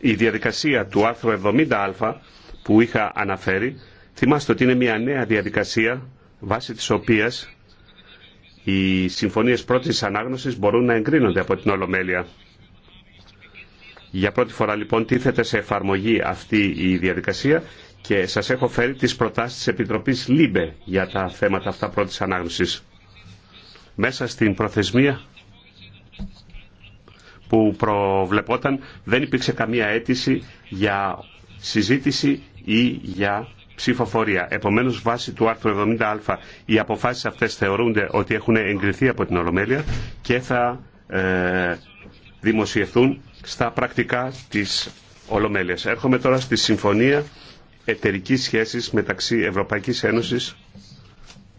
η διαδικασία του άρθρου 70α που είχα αναφέρει, θυμάστε ότι είναι μια νέα διαδικασία βάσει της οποίας οι συμφωνίες πρώτης ανάγνωσης μπορούν να εγκρίνονται από την Ολομέλεια. Για πρώτη φορά λοιπόν τίθεται σε εφαρμογή αυτή η διαδικασία και σας έχω φέρει τις προτάσεις της Επιτροπής ΛΥΜΠΕ για τα θέματα αυτά πρώτης ανάγνωσης. Μέσα στην προθεσμία που προβλεπόταν δεν υπήρξε καμία αίτηση για συζήτηση ή για ψηφοφορία. Επομένως, βάσει του άρθρου 70α, οι αποφάσεις αυτές θεωρούνται ότι έχουν εγκριθεί από την Ολομέλεια και θα ε, δημοσιευθούν στα πρακτικά της Ολομέλειας. Έρχομαι τώρα στη Συμφωνία Εταιρικής Σχέσης μεταξύ Ευρωπαϊκής Ένωσης